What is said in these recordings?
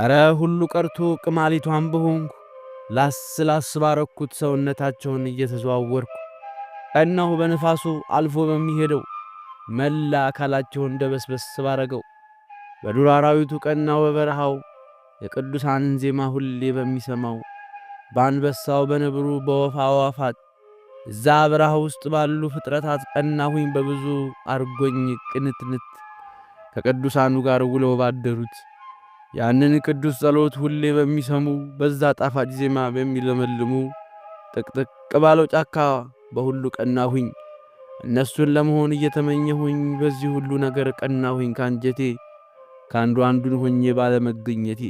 አረ ሁሉ ቀርቶ ቅማሊቷን በሆንኩ ላስ ላስ ባረኩት ሰውነታቸውን እየተዘዋወርኩ ቀናሁ በነፋሱ አልፎ በሚሄደው መላ አካላቸውን ደበስበስ ባረገው በዱር አራዊቱ ቀናው በበረሃው የቅዱሳንን ዜማ ሁሌ በሚሰማው በአንበሳው በነብሩ በወፋ አዋፋት እዛ በረሃ ውስጥ ባሉ ፍጥረታት ቀናሁኝ በብዙ አርጎኝ ቅንትንት ከቅዱሳኑ ጋር ውለው ባደሩት ያንን ቅዱስ ጸሎት ሁሌ በሚሰሙ በዛ ጣፋጭ ዜማ በሚለመልሙ ጥቅጥቅ ባለው ጫካ በሁሉ ቀናሁኝ። እነሱን ለመሆን እየተመኘሁኝ በዚህ ሁሉ ነገር ቀናሁኝ ካንጀቴ ከአንዱ አንዱን ሆኜ ባለመገኘቴ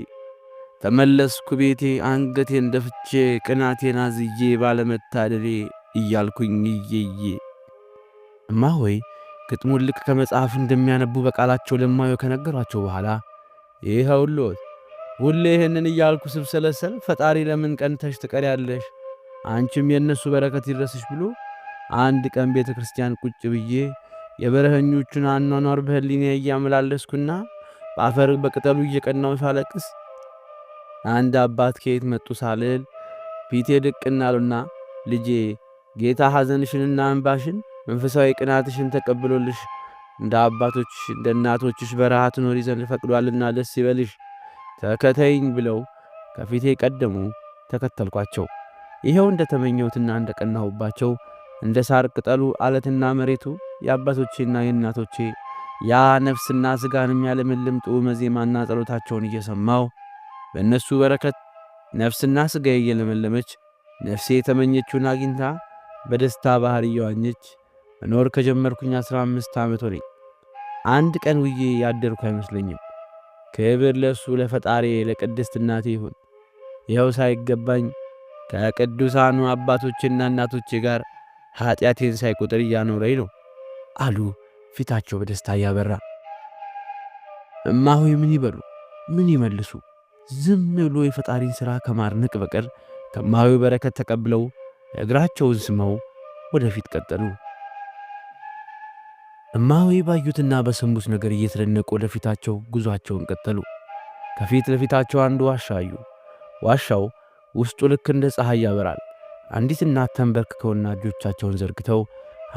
ተመለስኩ ቤቴ አንገቴን ደፍቼ ቅናቴን አዝዬ ባለመታደሌ እያልኩኝ እየዬ እማ ሆይ ግጥሙን ልክ ከመጽሐፍ እንደሚያነቡ በቃላቸው ለማየው ከነገሯቸው በኋላ ይኸውልዎት ሁሌ ይህንን እያልኩ ስብሰለሰል ፈጣሪ ለምን ቀንተሽ ትቀሪያለሽ? አንቺም የእነሱ በረከት ይድረስሽ ብሎ አንድ ቀን ቤተ ክርስቲያን ቁጭ ብዬ የበረኸኞቹን አኗኗር በህሊኔ እያመላለስኩና በአፈር በቅጠሉ እየቀናው ሳለቅስ አንድ አባት ከየት መጡ ሳልል ፊቴ ድቅናሉና ልጄ ጌታ ሐዘንሽንና እንባሽን መንፈሳዊ ቅናትሽን ተቀብሎልሽ እንደ አባቶች እንደ እናቶችሽ በረሃ ትኖሪ ዘንድ ፈቅዷልና ደስ ይበልሽ፣ ተከተይኝ ብለው ከፊቴ ቀደሙ። ተከተልኳቸው። ይኸው እንደ ተመኘሁትና እንደ ቀናሁባቸው እንደ ሳር ቅጠሉ አለትና መሬቱ የአባቶቼና የእናቶቼ ያ ነፍስና ሥጋንም ያለምልም ጥዑመ ዜማና ጸሎታቸውን እየሰማው በእነሱ በረከት ነፍስና ሥጋ እየለመለመች ነፍሴ የተመኘችውን አግኝታ በደስታ ባህር እየዋኘች መኖር ከጀመርኩኝ አስራ አምስት ዓመት ሆነኝ። አንድ ቀን ውዬ ያደርኩ አይመስለኝም። ክብር ለእሱ ለፈጣሪ ለቅድስት እናቴ ይሁን። ይኸው ሳይገባኝ ከቅዱሳኑ አባቶችና እናቶቼ ጋር ኀጢአቴን ሳይቁጥር እያኖረኝ ነው አሉ ፊታቸው በደስታ እያበራ። እማሆይ ምን ይበሉ ምን ይመልሱ? ዝም ብሎ የፈጣሪን ሥራ ከማድነቅ በቀር ከማዊ በረከት ተቀብለው እግራቸውን ስመው ወደፊት ቀጠሉ። እማዌ ባዩትና በሰሙት ነገር እየተደነቁ ወደፊታቸው ጉዟቸውን ቀጠሉ። ከፊት ለፊታቸው አንድ ዋሻ አዩ። ዋሻው ውስጡ ልክ እንደ ፀሐይ ያበራል። አንዲት እናት ተንበርክከውና እጆቻቸውን ዘርግተው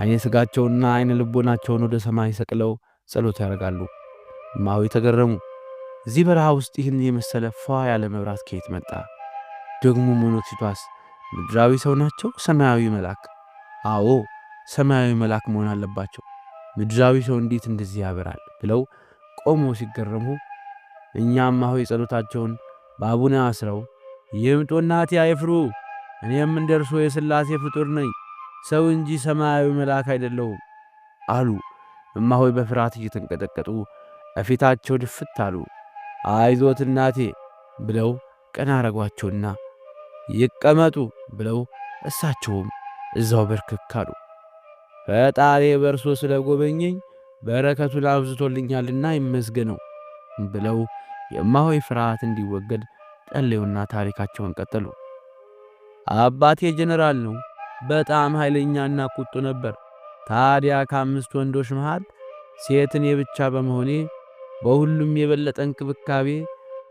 ዐይነ ሥጋቸውና ዐይነ ልቦናቸውን ወደ ሰማይ ሰቅለው ጸሎት ያደርጋሉ። እማዌ ተገረሙ። እዚህ በረሃ ውስጥ ይህን የመሰለ ፏ ያለ መብራት ከየት መጣ? ደግሞ መኖክሲቷስ ምድራዊ ሰው ናቸው? ሰማያዊ መልአክ? አዎ ሰማያዊ መልአክ መሆን አለባቸው። ምድራዊ ሰው እንዴት እንደዚህ ያበራል ብለው ቆሞ ሲገረሙ እኛም አሁ የጸሎታቸውን በአቡነ አስረው ይምጡናት ያይፍሩ፣ እኔም እንደ እርሶ የሥላሴ ፍጡር ነኝ ሰው እንጂ ሰማያዊ መልአክ አይደለሁም አሉ። እማሆይ በፍርሃት እየተንቀጠቀጡ እፊታቸው ድፍት አሉ። አይዞት እናቴ ብለው ቀና አረጓቸውና ይቀመጡ ብለው እሳቸውም እዛው በርክክ አሉ። ፈጣሪ በእርሶ ስለ ጎበኘኝ በረከቱን አብዝቶልኛልና ይመስገነው ብለው የማሆይ ፍርሃት እንዲወገድ ጸለዩና ታሪካቸውን ቀጠሉ። አባቴ ጀነራል ነው። በጣም ኃይለኛና ቁጡ ነበር። ታዲያ ከአምስት ወንዶች መሃል ሴትን የብቻ ብቻ በመሆኔ በሁሉም የበለጠ እንክብካቤ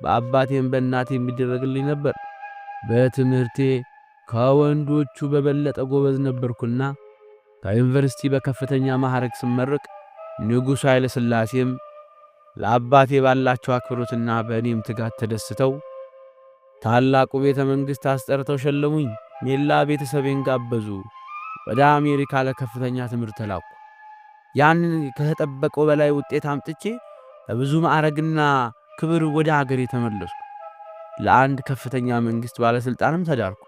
በአባቴም በእናቴ የሚደረግልኝ ነበር። በትምህርቴ ከወንዶቹ በበለጠ ጎበዝ ነበርኩና ከዩኒቨርሲቲ በከፍተኛ ማዕረግ ስመርቅ ንጉሡ ኃይለ ሥላሴም ለአባቴ ባላቸው አክብሮትና በእኔም ትጋት ተደስተው ታላቁ ቤተ መንግሥት አስጠርተው ሸለሙኝ። ሜላ ቤተሰቤን ጋበዙ። ወደ አሜሪካ ለከፍተኛ ትምህርት ተላኩ። ያንን ከተጠበቀው በላይ ውጤት አምጥቼ በብዙ ማዕረግና ክብር ወደ አገሬ ተመለስኩ። ለአንድ ከፍተኛ መንግሥት ባለሥልጣንም ተዳርኩ።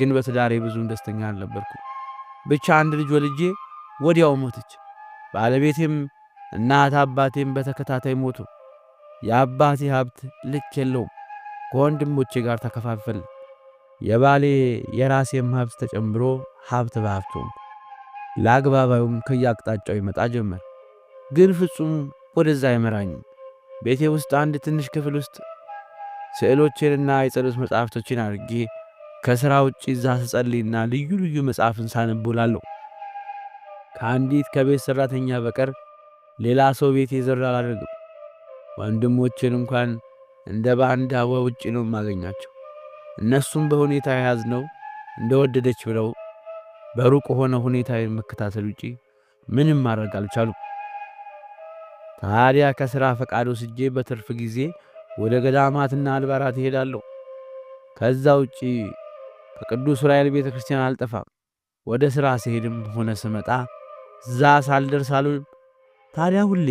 ግን በትዳሬ ብዙም ደስተኛ አልነበርኩ። ብቻ አንድ ልጅ ወልጄ ወዲያው ሞተች። ባለቤቴም እናት አባቴም በተከታታይ ሞቱ። የአባቴ ሀብት ልክ የለውም። ከወንድሞቼ ጋር ተከፋፈል። የባሌ የራሴም ሀብት ተጨምሮ ሀብት በሀብት ሆንኩ። ለአግባባዩም ከየአቅጣጫው ይመጣ ጀመር። ግን ፍጹም ወደዛ አይመራኝም። ቤቴ ውስጥ አንድ ትንሽ ክፍል ውስጥ ስዕሎቼንና የጸሎት መጽሐፍቶችን አድርጌ ከሥራ ውጭ እዛ ስጸልይና ልዩ ልዩ መጽሐፍን ሳነብ ከአንዲት ከቤት ሠራተኛ በቀር ሌላ ሰው ቤት የዘራ አላደርግም። ወንድሞቼን እንኳን እንደ ባንዳ ውጪ ነው የማገኛቸው። እነሱም በሁኔታ የያዝ እንደ እንደወደደች ብለው በሩቅ ሆነ ሁኔታ የመከታተል ውጪ ምንም ማድረግ አልቻሉ። ታዲያ ከሥራ ፈቃድ ወስጄ በትርፍ ጊዜ ወደ ገዳማትና አልባራት እሄዳለሁ። ከዛ ውጪ ከቅዱስ ዑራኤል ቤተ ክርስቲያን አልጠፋም። ወደ ሥራ ስሄድም ሆነ ስመጣ እዛ ሳልደርስ አሉ። ታዲያ ሁሌ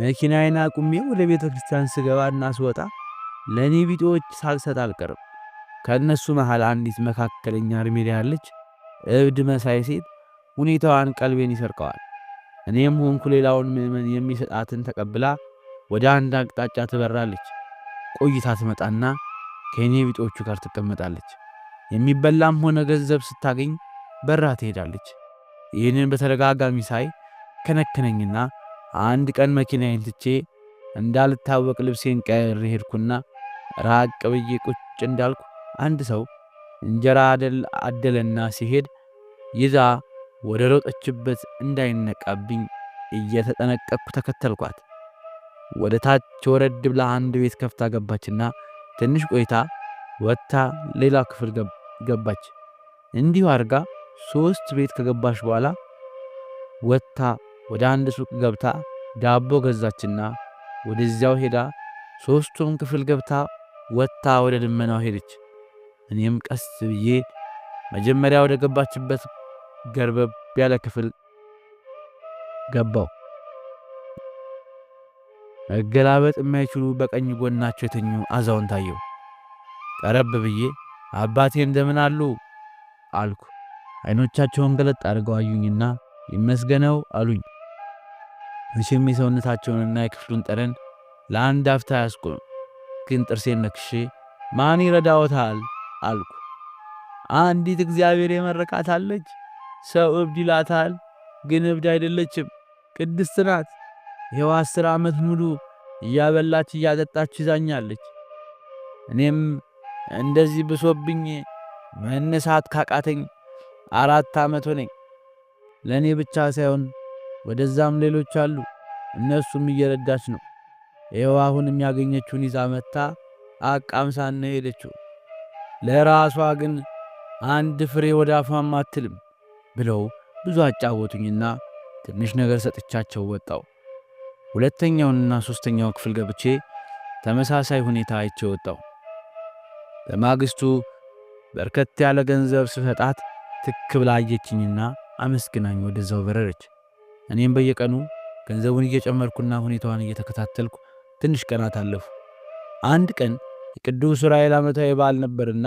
መኪናዬን አቁሜ ወደ ቤተ ክርስቲያን ስገባና ስወጣ ለእኔ ቢጤዎች ሳልሰጥ አልቀርም። ከእነሱ መሃል አንዲት መካከለኛ እድሜ ያለች እብድ መሳይ ሴት ሁኔታዋን ቀልቤን ይሰርቀዋል። እኔም ሆንኩ ሌላውን ምዕመን የሚሰጣትን ተቀብላ ወደ አንድ አቅጣጫ ትበራለች። ቆይታ ትመጣና ከእኔ ቢጤዎቹ ጋር ትቀመጣለች። የሚበላም ሆነ ገንዘብ ስታገኝ በራ ትሄዳለች። ይህንን በተደጋጋሚ ሳይ ከነከነኝና አንድ ቀን መኪናዬን ትቼ እንዳልታወቅ ልብሴን ቀይሬ ሄድኩና ራቅ ብዬ ቁጭ እንዳልኩ አንድ ሰው እንጀራ አደለና ሲሄድ ይዛ ወደ ሮጠችበት እንዳይነቃብኝ እየተጠነቀቅኩ ተከተልኳት። ወደ ታች ወረድ ብላ አንድ ቤት ከፍታ ገባችና ትንሽ ቆይታ ወጥታ ሌላ ክፍል ገባ ገባች። እንዲሁ አድርጋ ሶስት ቤት ከገባች በኋላ ወጥታ ወደ አንድ ሱቅ ገብታ ዳቦ ገዛችና ወደዚያው ሄዳ ሦስቱም ክፍል ገብታ ወጥታ ወደ ልመናው ሄደች። እኔም ቀስ ብዬ መጀመሪያ ወደ ገባችበት ገርበብ ያለ ክፍል ገባው። መገላበጥ የማይችሉ በቀኝ ጎናቸው የተኙ አዛውንታየው ቀረብ ብዬ አባቴ እንደምን አሉ አልኩ። አይኖቻቸውን ገለጥ አድርገው አዩኝና ይመስገነው አሉኝ። መቼም የሰውነታቸውንና የክፍሉን ጠረን ለአንድ አፍታ ያስቆም፣ ግን ጥርሴን ነክሼ ማን ይረዳዎታል አልኩ። አንዲት እግዚአብሔር የመረቃት አለች። ሰው እብድ ይላታል፣ ግን እብድ አይደለችም፣ ቅድስት ናት። ይኸው አስር ዓመት ሙሉ እያበላች እያጠጣች ይዛኛለች። እኔም እንደዚህ ብሶብኝ መነሳት ካቃተኝ አራት ዓመት ሆነኝ። ለእኔ ብቻ ሳይሆን ወደዛም ሌሎች አሉ፣ እነሱም እየረዳች ነው። ይኸው አሁን የሚያገኘችውን ይዛ መታ አቃምሳነ ሄደችው። ለራሷ ግን አንድ ፍሬ ወደ አፏም አትልም ብለው ብዙ አጫወቱኝና ትንሽ ነገር ሰጥቻቸው ወጣው። ሁለተኛውንና ሦስተኛው ክፍል ገብቼ ተመሳሳይ ሁኔታ አይቼ ወጣው። በማግስቱ በርከት ያለ ገንዘብ ስሰጣት ትክ ብላ አየችኝና አመስግናኝ ወደዛው በረረች። እኔም በየቀኑ ገንዘቡን እየጨመርኩና ሁኔታዋን እየተከታተልኩ ትንሽ ቀናት አለፉ። አንድ ቀን የቅዱስ ዑራኤል ዓመታዊ በዓል ነበርና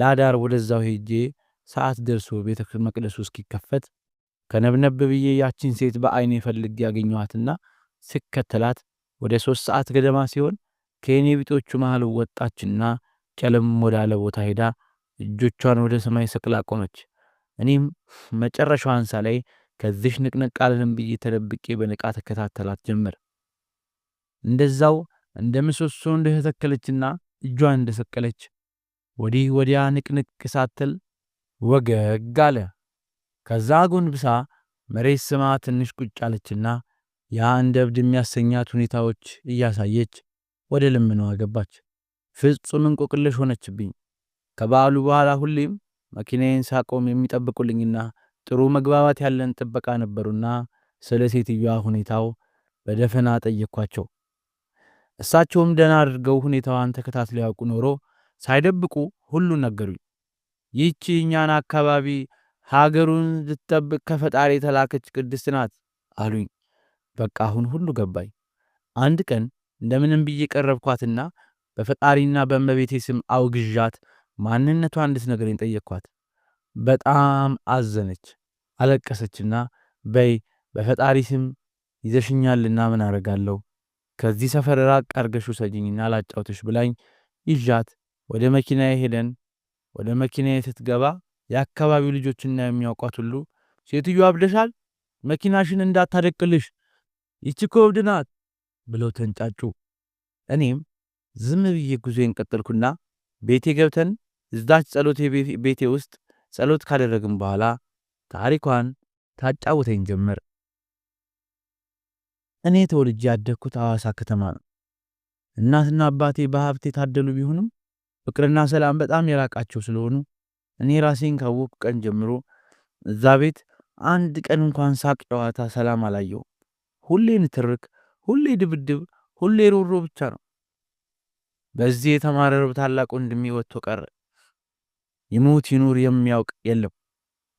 ላዳር ወደዛው ሄጄ ሰዓት ደርሶ ቤተ መቅደሱ እስኪከፈት ከነብነብ ብዬ ያችን ሴት በዐይኔ ፈልግ ያገኘኋትና ስከተላት ወደ ሦስት ሰዓት ገደማ ሲሆን ከኔ ቢጦቹ መሃል ወጣችና ጨለም ወዳለ ቦታ ሄዳ እጆቿን ወደ ሰማይ ሰቅላ ቆመች። እኔም መጨረሻዋ አንሳ ላይ ከዚሽ ንቅንቅ አልልም ብዬ ተደብቄ በንቃት ተከታተላት ጀመር። እንደዛው እንደ ምሰሶ እንደተተከለችና እጇን እንደሰቀለች ወዲህ ወዲያ ንቅንቅ ሳትል ወገግ አለ። ከዛ ጎንብሳ መሬት ስማ ትንሽ ቁጭ አለችና ያ እንደ እብድ የሚያሰኛት ሁኔታዎች እያሳየች ወደ ልምኗ ገባች። ፍጹም እንቆቅልሽ ሆነችብኝ። ከበዓሉ በኋላ ሁሌም መኪናዬን ሳቆም የሚጠብቁልኝና ጥሩ መግባባት ያለን ጥበቃ ነበሩና ስለ ሴትዮዋ ሁኔታው በደፈና ጠየቅኳቸው። እሳቸውም ደህና አድርገው ሁኔታዋን ተከታትለው ያውቁ ኖሮ ሳይደብቁ ሁሉን ነገሩኝ። ይህቺ እኛን አካባቢ ሀገሩን ልትጠብቅ ከፈጣሪ የተላከች ቅድስት ናት አሉኝ። በቃ አሁን ሁሉ ገባኝ። አንድ ቀን እንደምንም ብዬ ቀረብኳትና በፈጣሪና በእመቤቴ ስም አውግዣት ማንነቷን ነገር ጠየቅኳት። በጣም አዘነች፣ አለቀሰችና በይ በፈጣሪ ስም ይዘሽኛልና ምን አረጋለሁ ከዚህ ሰፈር ራቅ አርገሽ ውሰጂኝና ላጫውትሽ ብላኝ ይዣት ወደ መኪናዬ ሄደን ወደ መኪናዬ ስትገባ የአካባቢው ልጆችና የሚያውቋት ሁሉ ሴትዮ አብደሻል፣ መኪናሽን እንዳታደቅልሽ ይችኮ እብድ ናት ብለው ተንጫጩ። እኔም ዝም ብዬ ጉዞዬን ቀጠልኩና ቤቴ ገብተን እዛች ጸሎት ቤቴ ውስጥ ጸሎት ካደረግን በኋላ ታሪኳን ታጫውተኝ ጀመር። እኔ ተወልጄ ያደግኩት አዋሳ ከተማ ነው። እናትና አባቴ በሀብት የታደሉ ቢሆንም ፍቅርና ሰላም በጣም የራቃቸው ስለሆኑ እኔ ራሴን ካወቅኩ ቀን ጀምሮ እዛ ቤት አንድ ቀን እንኳን ሳቅ፣ ጨዋታ፣ ሰላም አላየው። ሁሌ ንትርክ፣ ሁሌ ድብድብ፣ ሁሌ ሮሮ ብቻ ነው። በዚህ የተማረረው ታላቅ ወንድሜ ወጥቶ ቀረ። ይሙት ይኑር የሚያውቅ የለም።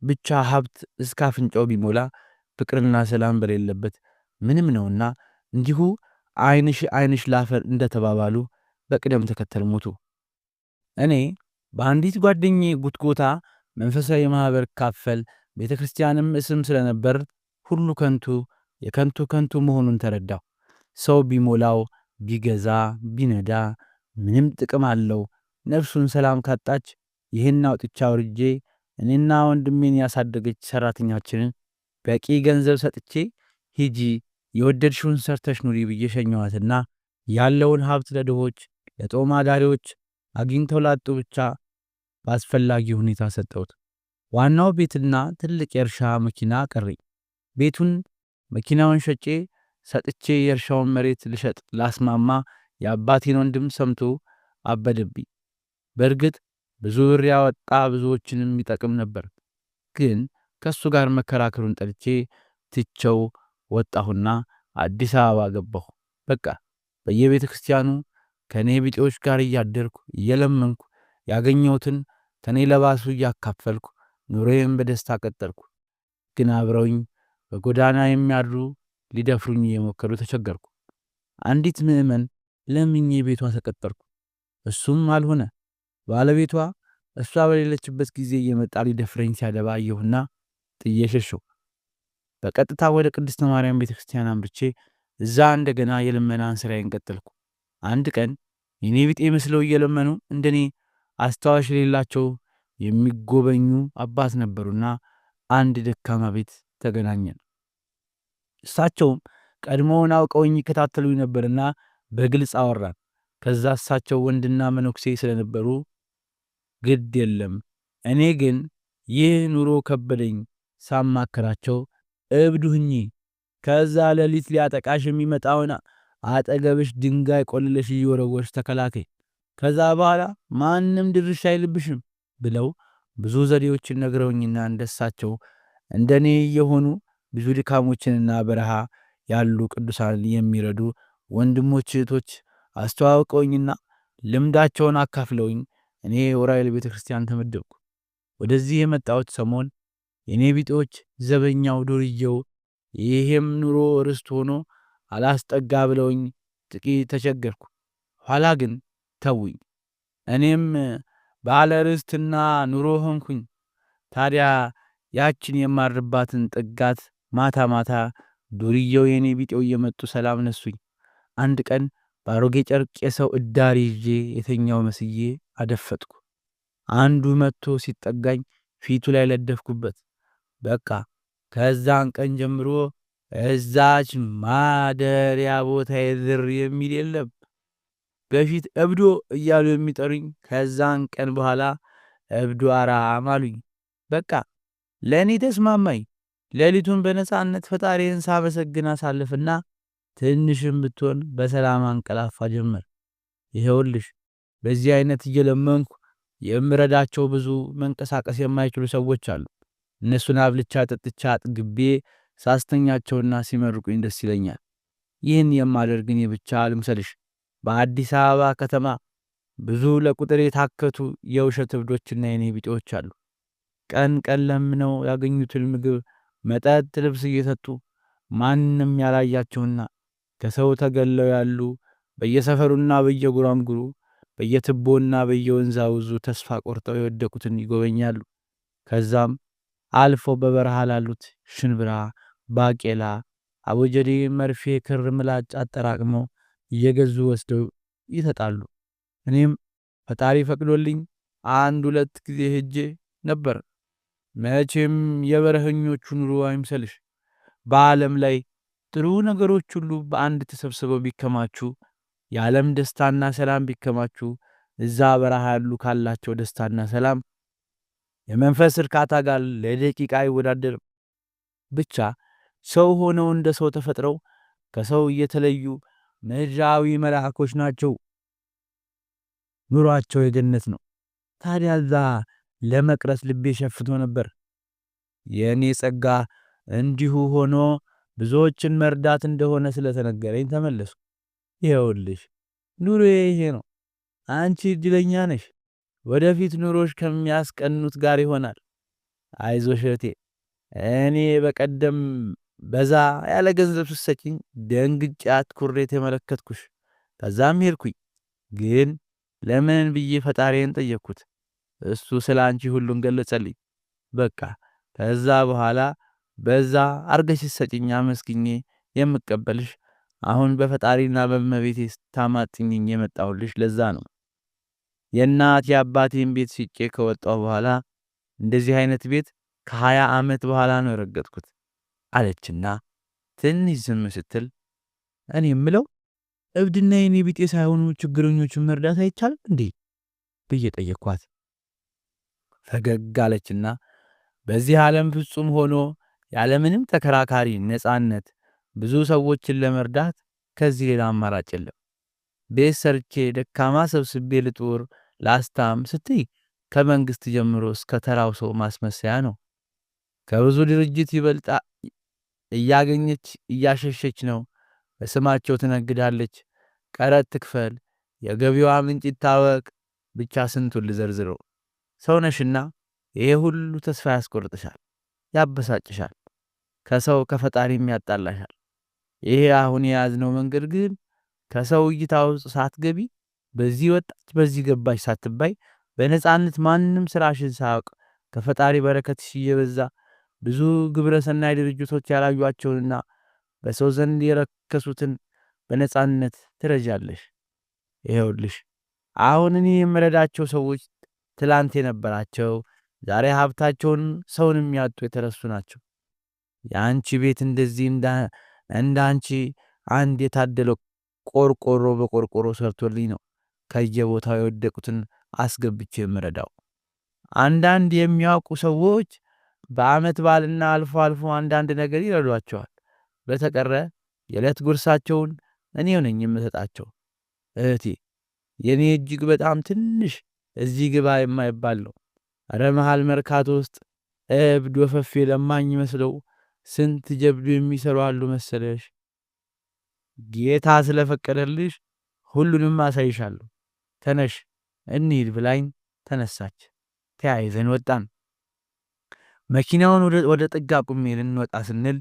ብቻ ሀብት እስከ አፍንጫው ቢሞላ ፍቅርና ሰላም በሌለበት ምንም ነውና እንዲሁ አይንሽ አይንሽ ላፈር እንደተባባሉ በቅደም ተከተል ሞቱ። እኔ በአንዲት ጓደኜ ጉትጎታ መንፈሳዊ ማኅበር ካፈል ቤተ ክርስቲያንም እስም ስለነበር ሁሉ ከንቱ የከንቱ ከንቱ መሆኑን ተረዳሁ። ሰው ቢሞላው ቢገዛ ቢነዳ ምንም ጥቅም አለው። ነፍሱን ሰላም ካጣች ይህን አውጥቻ ውርጄ እኔና ወንድሜን ያሳደገች ሰራተኛችንን በቂ ገንዘብ ሰጥቼ ሂጂ የወደድሽውን ሰርተሽ ኑሪ ብዬ ያለውን ሀብት ለድሆች፣ ለጦም አዳሪዎች፣ አግኝተው ላጡ ብቻ በአስፈላጊ ሁኔታ ሰጠሁት። ዋናው ቤትና ትልቅ የእርሻ መኪና ቀረኝ። ቤቱን መኪናውን ሸጬ ሰጥቼ የእርሻውን መሬት ልሸጥ ላስማማ የአባቴን ወንድም ሰምቶ አበደብኝ። በእርግጥ ብዙ ብር ያወጣ ብዙዎችንም ይጠቅም ነበር፣ ግን ከእሱ ጋር መከራከሩን ጠልቼ ትቸው ወጣሁና አዲስ አበባ ገባሁ። በቃ በየቤተ ክርስቲያኑ ከእኔ ቢጤዎች ጋር እያደርኩ እየለመንኩ ያገኘሁትን ከእኔ ለባሱ እያካፈልኩ ኑሬም በደስታ ቀጠልኩ። ግን አብረውኝ በጎዳና የሚያድሩ ሊደፍሩኝ እየሞከሩ ተቸገርኩ። አንዲት ምዕመን ለምኜ ቤቷ ተቀጠርኩ። እሱም አልሆነ። ባለቤቷ እሷ በሌለችበት ጊዜ እየመጣ ሊደፍረኝ ሲያደባ አየሁና ጥዬ በቀጥታ ወደ ቅድስተ ማርያም ቤተ ክርስቲያን አምርቼ እዛ እንደገና የልመናን ስራዬን ቀጠልኩ። አንድ ቀን የኔ ቢጤ መስለው እየለመኑ እንደኔ አስታዋሽ የሌላቸው የሚጎበኙ አባት ነበሩና አንድ ደካማ ቤት ተገናኘን። እሳቸውም ቀድሞውን አውቀውኝ ይከታተሉኝ ነበርና በግልጽ አወራን። ከዛ እሳቸው ወንድና መነኩሴ ስለነበሩ ግድ የለም። እኔ ግን ይህ ኑሮ ከበደኝ። ሳማከራቸው እብድ ሁኚ፣ ከዛ ሌሊት ሊያጠቃሽ የሚመጣውን አጠገብሽ ድንጋይ ቆልለሽ እየወረወርሽ ተከላከይ፣ ከዛ በኋላ ማንም ድርሽ አይልብሽም ብለው ብዙ ዘዴዎችን ነግረውኝና እንደሳቸው እንደኔ የሆኑ ብዙ ድካሞችንና በረሃ ያሉ ቅዱሳን የሚረዱ ወንድሞች እህቶች አስተዋውቀውኝና ልምዳቸውን አካፍለውኝ እኔ ወራይል ቤተ ክርስቲያን ተመደብኩ። ወደዚህ የመጣሁት ሰሞን የእኔ ቢጤዎች ዘበኛው ዱርየው ይህም ኑሮ ርስት ሆኖ አላስጠጋ ብለውኝ ጥቂት ተቸገርኩ። ኋላ ግን ተውኝ፣ እኔም ባለ ርስትና ኑሮ ሆንኩኝ። ታዲያ ያችን የማርባትን ጥጋት ማታ ማታ ዱርየው የእኔ ቢጤው እየመጡ ሰላም ነሱኝ። አንድ ቀን በአሮጌ ጨርቅ የሰው እዳር ይዤ የተኛው መስዬ አደፈጥኩ። አንዱ መጥቶ ሲጠጋኝ ፊቱ ላይ ለደፍኩበት። በቃ ከዛን ቀን ጀምሮ እዛች ማደሪያ ቦታ የዝር የሚል የለም። በፊት እብዶ እያሉ የሚጠሩኝ ከዛን ቀን በኋላ እብዶ አራም አሉኝ። በቃ ለእኔ ተስማማኝ። ሌሊቱን በነፃነት ፈጣሪን ሳመሰግን አሳልፍና ትንሽም ብትሆን በሰላም አንቀላፋ ጀመር። ይኸውልሽ በዚህ አይነት እየለመንኩ የምረዳቸው ብዙ መንቀሳቀስ የማይችሉ ሰዎች አሉ። እነሱን አብልቻ ጠጥቻ አጥግቤ ሳስተኛቸውና ሲመርቁኝ ደስ ይለኛል። ይህን የማደርግ እኔ ብቻ ልምሰልሽ። በአዲስ አበባ ከተማ ብዙ ለቁጥር የታከቱ የውሸት እብዶችና የኔ ቢጤዎች አሉ። ቀን ቀን ለምነው ያገኙትን ምግብ፣ መጠጥ፣ ልብስ እየሰጡ ማንም ያላያቸውና ከሰው ተገለው ያሉ በየሰፈሩና በየጉራምጉሩ በየትቦና በየወንዛውዙ ተስፋ ቆርጠው የወደቁትን ይጎበኛሉ። ከዛም አልፎ በበረሃ ላሉት ሽንብራ፣ ባቄላ፣ አቦጀዴ፣ መርፌ፣ ክር፣ ምላጭ አጠራቅመው እየገዙ ወስደው ይሰጣሉ። እኔም ፈጣሪ ፈቅዶልኝ አንድ ሁለት ጊዜ ሄጄ ነበር። መቼም የበረኸኞቹ ኑሮ አይምሰልሽ። በዓለም ላይ ጥሩ ነገሮች ሁሉ በአንድ ተሰብስበው ቢከማቹ የዓለም ደስታና ሰላም ቢከማቹ እዛ በረሃ ያሉ ካላቸው ደስታና ሰላም የመንፈስ እርካታ ጋር ለደቂቃ አይወዳደርም። ብቻ ሰው ሆነው እንደ ሰው ተፈጥረው ከሰው እየተለዩ ምድራዊ መልአኮች ናቸው። ኑሯቸው የገነት ነው። ታዲያ እዛ ለመቅረት ልቤ ሸፍቶ ነበር። የእኔ ጸጋ እንዲሁ ሆኖ ብዙዎችን መርዳት እንደሆነ ስለተነገረኝ ተመለሱ። ይኸውልሽ ኑሮዬ ይሄ ነው። አንቺ እድለኛ ነሽ። ወደፊት ኑሮሽ ከሚያስቀኑት ጋር ይሆናል። አይዞሽ እህቴ። እኔ በቀደም በዛ ያለ ገንዘብ ስትሰጪኝ ደንግጬ አትኩሬ ተመለከትኩሽ። ከዛም ሄድኩኝ፣ ግን ለምን ብዬ ፈጣሪን ጠየቅኩት። እሱ ስለ አንቺ ሁሉን ገለጸልኝ። በቃ ከዛ በኋላ በዛ አርገሽ ሰጪኝ አመስግኜ የምቀበልሽ አሁን በፈጣሪና በመቤቴ ስታማጥኝኝ የመጣሁልሽ ለዛ ነው። የእናት የአባቴን ቤት ሽጬ ከወጣሁ በኋላ እንደዚህ አይነት ቤት ከሀያ ዓመት በኋላ ነው የረገጥኩት አለችና ትንሽ ዝም ስትል እኔ የምለው እብድና የኔ ቢጤ ሳይሆኑ ችግረኞቹን መርዳት አይቻልም እንዴ ብዬ ጠየኳት። ፈገግ አለችና በዚህ ዓለም ፍጹም ሆኖ ያለምንም ተከራካሪ ነፃነት ብዙ ሰዎችን ለመርዳት ከዚህ ሌላ አማራጭ የለም። ቤት ሰርቼ ደካማ ሰብስቤ ልጡር ላስታም ስትይ ከመንግስት ጀምሮ እስከ ተራው ሰው ማስመሰያ ነው። ከብዙ ድርጅት ይበልጣ እያገኘች እያሸሸች ነው። በስማቸው ትነግዳለች። ቀረጥ ትክፈል፣ የገቢዋ ምንጭ ይታወቅ፣ ብቻ ስንቱን ልዘርዝረው። ሰውነሽና ይሄ ሁሉ ተስፋ ያስቆርጥሻል፣ ያበሳጭሻል። ከሰው ከፈጣሪም ያጣላሻል። ይሄ አሁን የያዝነው መንገድ ግን ከሰው እይታ ውስጥ ሳትገቢ በዚህ ወጣች በዚህ ገባች ሳትባይ በነፃነት ማንም ስራሽን ሳያውቅ ከፈጣሪ በረከትሽ እየበዛ ብዙ ግብረሰናይ ድርጅቶች ያላዩቸውንና በሰው ዘንድ የረከሱትን በነፃነት ትረጃለሽ። ይኸውልሽ አሁን እኔ የምረዳቸው ሰዎች ትላንት የነበራቸው ዛሬ ሀብታቸውን ሰውን የሚያጡ የተረሱ ናቸው። የአንቺ ቤት እንደዚህ እንደ አንቺ አንድ የታደለው ቆርቆሮ በቆርቆሮ ሰርቶልኝ ነው ከየቦታው የወደቁትን አስገብቼ የምረዳው። አንዳንድ የሚያውቁ ሰዎች በዓመት በዓልና አልፎ አልፎ አንዳንድ ነገር ይረዷቸዋል። በተቀረ የዕለት ጉርሳቸውን እኔ ነኝ የምሰጣቸው። እህቴ የእኔ እጅግ በጣም ትንሽ እዚህ ግባ የማይባል ነው። እረ መሃል መርካቶ ውስጥ እብድ ወፈፌ ለማኝ መስለው ስንት ጀብዱ የሚሰሩ አሉ መሰለሽ። ጌታ ስለፈቀደልሽ ሁሉንም አሳይሻለሁ፣ ተነሽ እንሂድ ብላኝ ተነሳች። ተያይዘን ወጣን። መኪናውን ወደ ጥግ አቁሜ ልንወጣ ስንል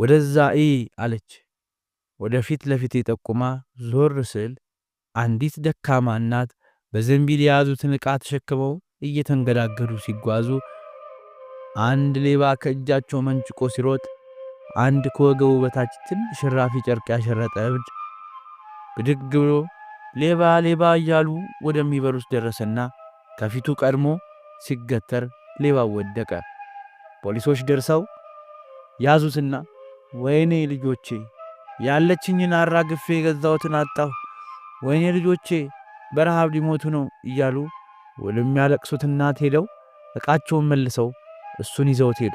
ወደዛ ኢ አለች። ወደ ፊት ለፊት የጠቁማ ዞር ስል አንዲት ደካማ እናት በዘንቢል የያዙትን ዕቃ ተሸክመው እየተንገዳገዱ ሲጓዙ አንድ ሌባ ከእጃቸው መንጭቆ ሲሮጥ፣ አንድ ከወገቡ በታች ትንሽ ሽራፊ ጨርቅ ያሸረጠ እብድ ብድግ ብሎ ሌባ ሌባ እያሉ ወደሚበሩት ደረሰና ከፊቱ ቀድሞ ሲገተር ሌባው ወደቀ። ፖሊሶች ደርሰው ያዙትና ወይኔ ልጆቼ ያለችኝን አራግፌ የገዛሁትን አጣሁ፣ ወይኔ ልጆቼ በረሃብ ሊሞቱ ነው እያሉ ውልም ያለቅሱት እናት ሄደው ዕቃቸውን መልሰው እሱን ይዘውት ሄዱ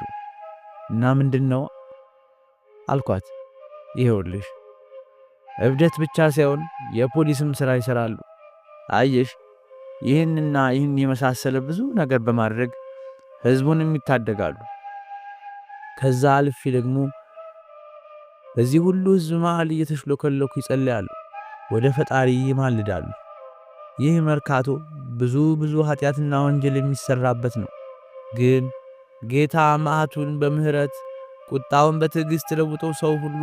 እና ምንድን ነው አልኳት። ይሄውልሽ እብደት ብቻ ሳይሆን የፖሊስም ሥራ ይሠራሉ። አየሽ ይህንና ይህን የመሳሰለ ብዙ ነገር በማድረግ ሕዝቡንም ይታደጋሉ። ከዛ አልፌ ደግሞ በዚህ ሁሉ ሕዝብ መሃል እየተሽሎከለኩ ይጸለያሉ ወደ ፈጣሪ ይማልዳሉ። ይህ መርካቶ ብዙ ብዙ ኃጢአትና ወንጀል የሚሠራበት ነው ግን ጌታ መዓቱን በምሕረት ቁጣውን በትዕግሥት ለውጦ ሰው ሁሉ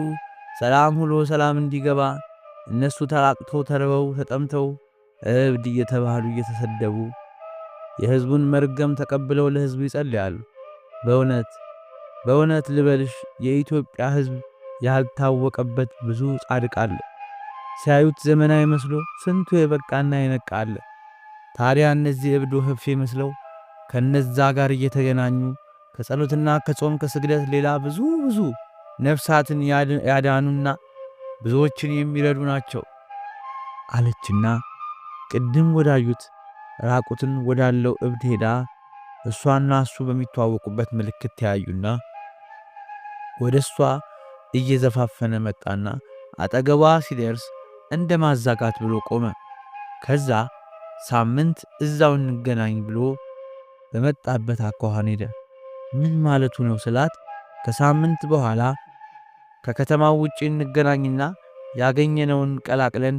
ሰላም ሁሎ ሰላም እንዲገባ እነሱ ተራቅተው ተርበው ተጠምተው እብድ እየተባሉ እየተሰደቡ የሕዝቡን መርገም ተቀብለው ለሕዝቡ ይጸልያሉ። በእውነት በእውነት ልበልሽ የኢትዮጵያ ሕዝብ ያልታወቀበት ብዙ ጻድቅ አለ። ሲያዩት ዘመናዊ መስሎ ስንቱ የበቃና የነቃ አለ። ታዲያ እነዚህ እብድ ወህፍ መስለው ከነዛ ጋር እየተገናኙ ከጸሎትና ከጾም ከስግደት ሌላ ብዙ ብዙ ነፍሳትን ያዳኑና ብዙዎችን የሚረዱ ናቸው አለችና ቅድም ወዳዩት ራቁትን ወዳለው እብድ ሄዳ እሷና እሱ በሚተዋወቁበት ምልክት ተያዩና ወደ እሷ እየዘፋፈነ መጣና አጠገቧ ሲደርስ እንደ ማዛጋት ብሎ ቆመ። ከዛ ሳምንት እዛው እንገናኝ ብሎ በመጣበት አኳኋን ሄደ። ምን ማለቱ ነው ስላት፣ ከሳምንት በኋላ ከከተማው ውጪ እንገናኝና ያገኘነውን ቀላቅለን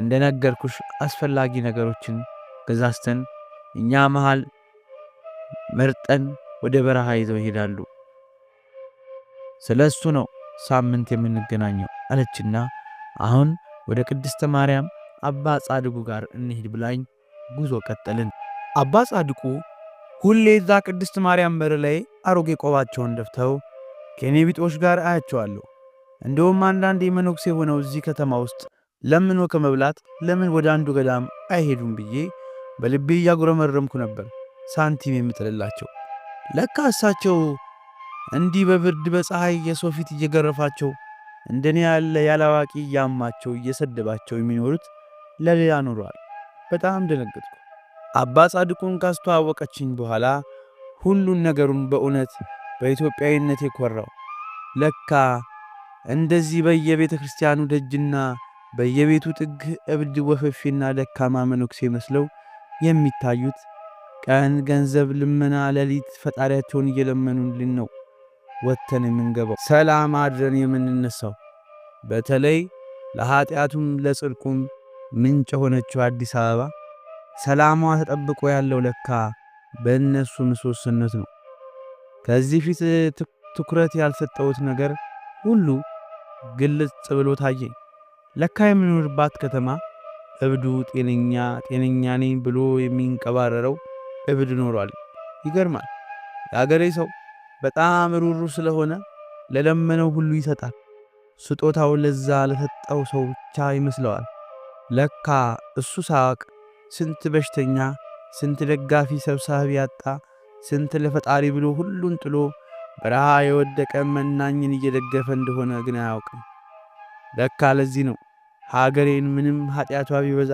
እንደነገርኩሽ አስፈላጊ ነገሮችን ገዛዝተን እኛ መሃል መርጠን ወደ በረሃ ይዘው ይሄዳሉ። ስለ እሱ ነው ሳምንት የምንገናኘው አለችና አሁን ወደ ቅድስተ ማርያም አባ ጻድቁ ጋር እንሂድ ብላኝ ጉዞ ቀጠልን። አባ ጻድቁ ሁሌ እዛ ቅድስት ማርያም በር ላይ አሮጌ ቆባቸውን ደፍተው ከእኔ ቢጦች ጋር አያቸዋለሁ። እንደውም አንዳንድ የመነኩሴ የሆነው እዚህ ከተማ ውስጥ ለምኖ ከመብላት ለምን ወደ አንዱ ገዳም አይሄዱም ብዬ በልቤ እያጉረመረምኩ ነበር ሳንቲም የምጥልላቸው። ለካ እሳቸው እንዲህ በብርድ በፀሐይ የሰው ፊት እየገረፋቸው እንደኔ ያለ ያላዋቂ እያማቸው እየሰደባቸው የሚኖሩት ለሌላ ኑሯል። በጣም ደነገጥኩ። አባ ጻድቁን ካስተዋወቀችኝ በኋላ ሁሉን ነገሩን በእውነት በኢትዮጵያዊነት የኮራው ለካ እንደዚህ በየቤተ ክርስቲያኑ ደጅና በየቤቱ ጥግ እብድ ወፈፊና ደካማ መነኩሴ መስለው የሚታዩት ቀን ገንዘብ ልመና፣ ሌሊት ፈጣሪያቸውን እየለመኑልን ነው ወጥተን የምንገባው ሰላም አድረን የምንነሳው። በተለይ ለኀጢአቱም ለጽድቁም ምንጭ የሆነችው አዲስ አበባ ሰላሟ ተጠብቆ ያለው ለካ በእነሱ ምሰሶነት ነው። ከዚህ ፊት ትኩረት ያልሰጠሁት ነገር ሁሉ ግልጽ ብሎ ታየኝ። ለካ የምኖርባት ከተማ እብዱ ጤነኛ ጤነኛ ነኝ ብሎ የሚንቀባረረው እብድ ኖሯል። ይገርማል። የአገሬ ሰው በጣም ሩሩ ስለሆነ ለለመነው ሁሉ ይሰጣል። ስጦታው ለዛ ለሰጠው ሰው ብቻ ይመስለዋል። ለካ እሱ ሳቅ ስንት በሽተኛ፣ ስንት ደጋፊ ሰብሳቢ ያጣ፣ ስንት ለፈጣሪ ብሎ ሁሉን ጥሎ በረሃ የወደቀ መናኝን እየደገፈ እንደሆነ ግን አያውቅም። ለካ ለዚህ ነው ሀገሬን ምንም ኃጢአቷ ቢበዛ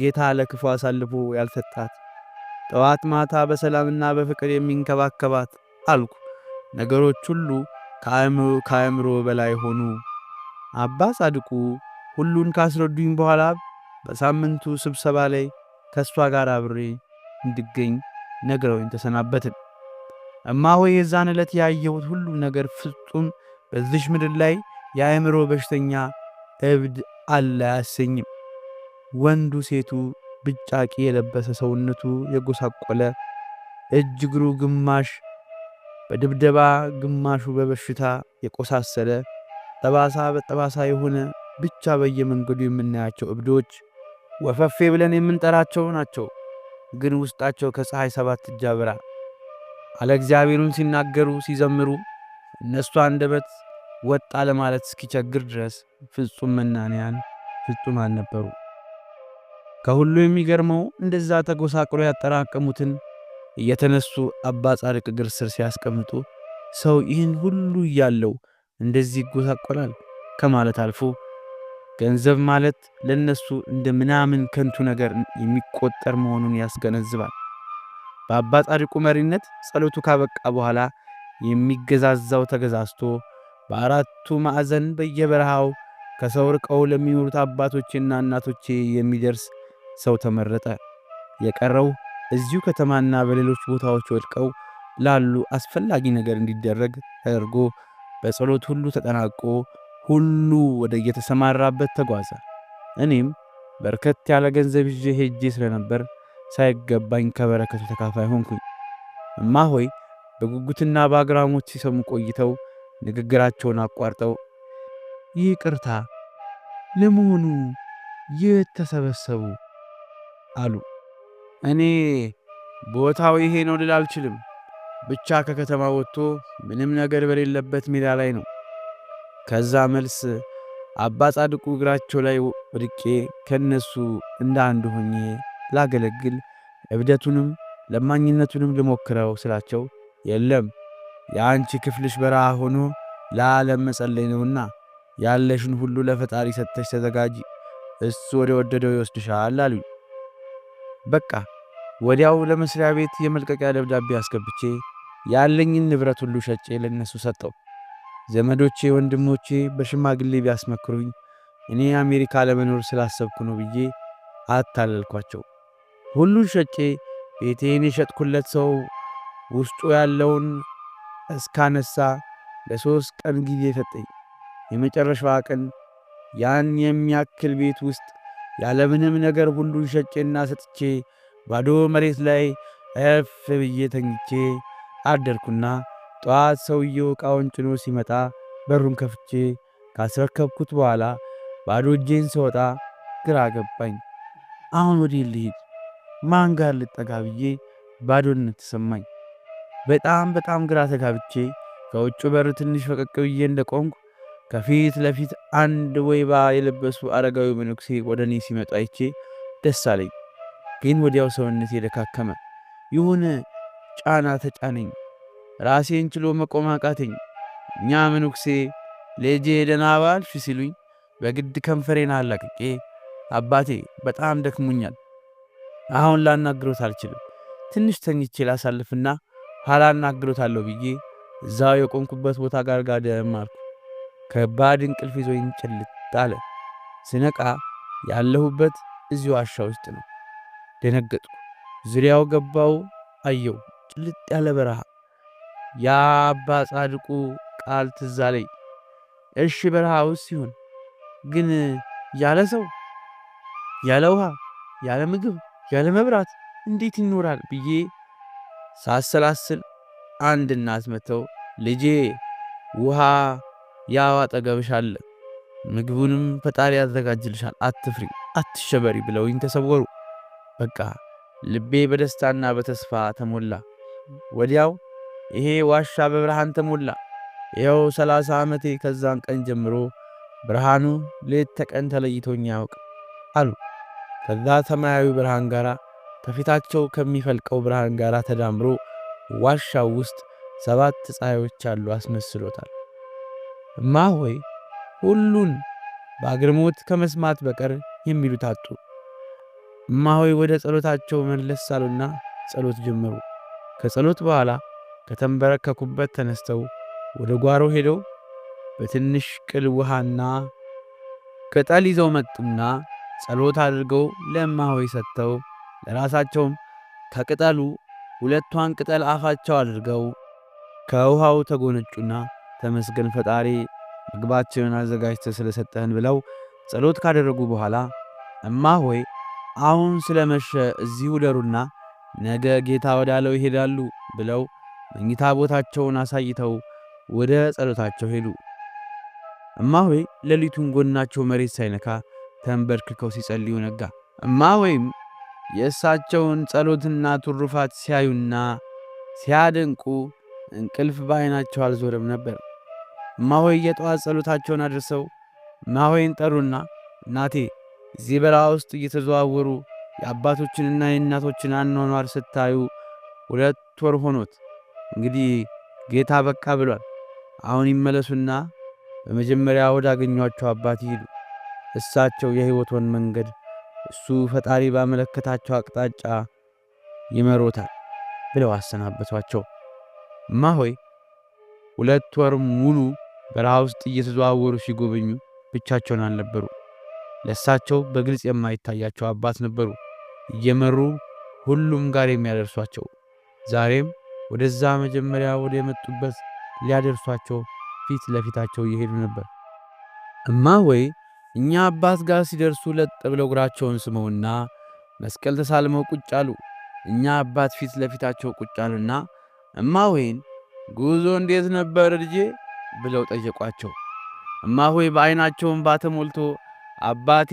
ጌታ ለክፉ አሳልፎ ያልሰጣት ጠዋት ማታ በሰላምና በፍቅር የሚንከባከባት አልኩ። ነገሮች ሁሉ ከአእምሮ በላይ ሆኑ። አባ ጻድቁ ሁሉን ካስረዱኝ በኋላ በሳምንቱ ስብሰባ ላይ ከእሷ ጋር አብሬ እንድገኝ ነግረውኝ ተሰናበትን። እማ ሆይ የዛን ዕለት ያየሁት ሁሉ ነገር ፍጹም በዚሽ ምድር ላይ የአእምሮ በሽተኛ እብድ አለ አያሰኝም። ወንዱ ሴቱ ብጫቂ የለበሰ ሰውነቱ የጎሳቆለ እጅ እግሩ ግማሽ በድብደባ ግማሹ በበሽታ የቆሳሰለ ጠባሳ በጠባሳ የሆነ ብቻ በየመንገዱ የምናያቸው እብዶች ወፈፌ ብለን የምንጠራቸው ናቸው። ግን ውስጣቸው ከፀሐይ ሰባት እጅ አበራ አለ። እግዚአብሔሩን ሲናገሩ ሲዘምሩ እነሱ አንደበት ወጣ ለማለት እስኪቸግር ድረስ ፍጹም መናንያን ፍጹም አልነበሩ። ከሁሉ የሚገርመው እንደዛ ተጎሳቅሎ ያጠራቀሙትን እየተነሱ አባ ጻድቅ እግር ስር ሲያስቀምጡ ሰው ይህን ሁሉ እያለው እንደዚህ ይጎሳቆላል ከማለት አልፎ ገንዘብ ማለት ለነሱ እንደ ምናምን ከንቱ ነገር የሚቆጠር መሆኑን ያስገነዝባል። በአባ ጻድቁ መሪነት ጸሎቱ ካበቃ በኋላ የሚገዛዛው ተገዛዝቶ በአራቱ ማዕዘን በየበረሃው ከሰው ርቀው ለሚኖሩት አባቶቼና እናቶቼ የሚደርስ ሰው ተመረጠ። የቀረው እዚሁ ከተማና በሌሎች ቦታዎች ወድቀው ላሉ አስፈላጊ ነገር እንዲደረግ ተደርጎ በጸሎት ሁሉ ተጠናቆ ሁሉ ወደ እየተሰማራበት ተጓዘ። እኔም በርከት ያለ ገንዘብ ይዤ ሄጄ ስለነበር ሳይገባኝ ከበረከቱ ተካፋይ ሆንኩኝ። እማ ሆይ በጉጉትና በአግራሞት ሲሰሙ ቆይተው ንግግራቸውን አቋርጠው ይቅርታ፣ ለመሆኑ የት ተሰበሰቡ? አሉ። እኔ ቦታው ይሄ ነው ልል አልችልም። ብቻ ከከተማ ወጥቶ ምንም ነገር በሌለበት ሜዳ ላይ ነው ከዛ መልስ አባ ጻድቁ እግራቸው ላይ ወድቄ ከእነሱ እንደ አንዱ ሆኜ ላገለግል እብደቱንም ለማኝነቱንም ልሞክረው ስላቸው፣ የለም የአንቺ ክፍልሽ በረሃ ሆኖ ለዓለም መጸለይ ነውና ያለሽን ሁሉ ለፈጣሪ ሰጥተሽ ተዘጋጂ፣ እሱ ወደ ወደደው ይወስድሻል አሉ። በቃ ወዲያው ለመስሪያ ቤት የመልቀቂያ ደብዳቤ አስገብቼ ያለኝን ንብረት ሁሉ ሸጬ ለነሱ ሰጠው። ዘመዶቼ ወንድሞቼ በሽማግሌ ቢያስመክሩኝ እኔ አሜሪካ ለመኖር ስላሰብኩ ነው ብዬ አታለልኳቸው። ሁሉን ሸጬ ቤቴን የሸጥኩለት ሰው ውስጡ ያለውን እስካነሳ ለሦስት ቀን ጊዜ ሰጠኝ። የመጨረሻዋ ቀን ያን የሚያክል ቤት ውስጥ ያለምንም ነገር ሁሉን ሸጬና ሰጥቼ ባዶ መሬት ላይ እፍ ብዬ ተኝቼ አደርኩና ጠዋት ሰውየው ዕቃውን ጭኖ ሲመጣ በሩን ከፍቼ ካስረከብኩት በኋላ ባዶ እጄን ስወጣ ግራ ገባኝ። አሁን ወዴት ልሂድ? ማን ጋር ልጠጋ ብዬ ባዶነት ተሰማኝ። በጣም በጣም ግራ ተጋብቼ ከውጭ በር ትንሽ ፈቀቅ ብዬ እንደቆምኩ ከፊት ለፊት አንድ ወይባ የለበሱ አረጋዊ መነኩሴ ወደ እኔ ሲመጡ አይቼ ደስ አለኝ። ግን ወዲያው ሰውነቴ የደካከመ የሆነ ጫና ተጫነኝ። ራሴን ችሎ መቆም አቃተኝ። እኛ ምንኩሴ ልጄ ደህና ዋልሽ ሲሉኝ በግድ ከንፈሬን አላቅቄ አባቴ በጣም ደክሞኛል፣ አሁን ላናግሮት አልችልም፣ ትንሽ ተኝቼ ላሳልፍና ኋላ እናግሮታለሁ ብዬ እዛው የቆምኩበት ቦታ ጋር ጋደም አልኩ። ከባድ እንቅልፍ ይዞኝ ጭልጥ አለ። ስነቃ ያለሁበት እዚሁ ዋሻ ውስጥ ነው። ደነገጥኩ። ዙሪያው ገባው አየው ጭልጥ ያለ በረሃ የአባ ጻድቁ ቃል ትዝ አለኝ። እሺ በረሃ ውስጥ ሲሆን ግን ያለ ሰው፣ ያለ ውሃ፣ ያለ ምግብ፣ ያለ መብራት እንዴት ይኖራል ብዬ ሳሰላስል አንድ እናት መጥተው ልጄ ውሃ ያው አጠገብሽ አለ፣ ምግቡንም ፈጣሪ ያዘጋጅልሻል፣ አትፍሪ፣ አትሸበሪ ብለውኝ ተሰወሩ። በቃ ልቤ በደስታና በተስፋ ተሞላ። ወዲያው ይሄ ዋሻ በብርሃን ተሞላ። ይኸው ሰላሳ ዓመቴ ከዛን ቀን ጀምሮ ብርሃኑ ሌት ተቀን ተለይቶኝ ያውቅ አሉ። ከዛ ሰማያዊ ብርሃን ጋር ከፊታቸው ከሚፈልቀው ብርሃን ጋር ተዳምሮ ዋሻው ውስጥ ሰባት ፀሐዮች አሉ አስመስሎታል። እማ ሆይ ሁሉን በአግርሞት ከመስማት በቀር የሚሉት አጡ። እማ ሆይ ወደ ጸሎታቸው መለስ አሉና ጸሎት ጀመሩ። ከጸሎት በኋላ ከተንበረከኩበት ተነስተው ወደ ጓሮ ሄደው በትንሽ ቅል ውሃና ቅጠል ይዘው መጡና ጸሎት አድርገው ለማሆይ ሰጥተው ለራሳቸውም ከቅጠሉ ሁለቷን ቅጠል አፋቸው አድርገው ከውሃው ተጎነጩና ተመስገን ፈጣሪ ምግባችንን አዘጋጅተ ስለሰጠህን ብለው ጸሎት ካደረጉ በኋላ እማ ሆይ አሁን ስለመሸ እዚሁ ደሩና ነገ ጌታ ወዳለው ይሄዳሉ ብለው መኝታ ቦታቸውን አሳይተው ወደ ጸሎታቸው ሄዱ። እማሆይ ሌሊቱን ጎናቸው መሬት ሳይነካ ተንበርክከው ሲጸልዩ ነጋ። እማሆይም የእሳቸውን ጸሎትና ትሩፋት ሲያዩና ሲያደንቁ እንቅልፍ በዓይናቸው አልዞረም ነበር። እማሆይ የጠዋት ጸሎታቸውን አድርሰው እማሆይን ጠሩና እናቴ እዚህ በረሃ ውስጥ እየተዘዋወሩ የአባቶችንና የእናቶችን አኗኗር ስታዩ ሁለት ወር ሆኖት እንግዲህ ጌታ በቃ ብሏል። አሁን ይመለሱና በመጀመሪያ ወዳገኟቸው አባት ይሄዱ እሳቸው የሕይወቶን መንገድ እሱ ፈጣሪ ባመለከታቸው አቅጣጫ ይመሮታል ብለው አሰናበቷቸው። ማሆይ ሁለት ወር ሙሉ በረሃ ውስጥ እየተዘዋወሩ ሲጎበኙ ብቻቸውን አልነበሩ። ለእሳቸው በግልጽ የማይታያቸው አባት ነበሩ እየመሩ ሁሉም ጋር የሚያደርሷቸው ዛሬም ወደዛ መጀመሪያ ወደ የመጡበት ሊያደርሷቸው ፊት ለፊታቸው እየሄዱ ነበር። እማወይ እኛ አባት ጋር ሲደርሱ ለጥ ብለው እግራቸውን ስመውና መስቀል ተሳልመው ቁጭ አሉ። እኛ አባት ፊት ለፊታቸው ቁጭ አሉና እማወይን ጉዞ እንዴት ነበር ልጄ ብለው ጠየቋቸው። እማሆይ በዐይናቸውን ባተሞልቶ አባቴ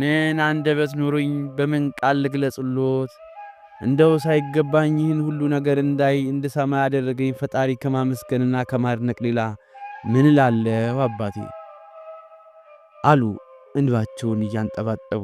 ምን አንደበት ኑሩኝ በምን ቃል ልግለጽሎት እንደው ሳይገባኝ ይህን ሁሉ ነገር እንዳይ እንድሰማ ያደረገኝ ፈጣሪ ከማመስገንና ከማድነቅ ሌላ ምን ላለው አባቴ አሉ እንባቸውን እያንጠባጠቡ።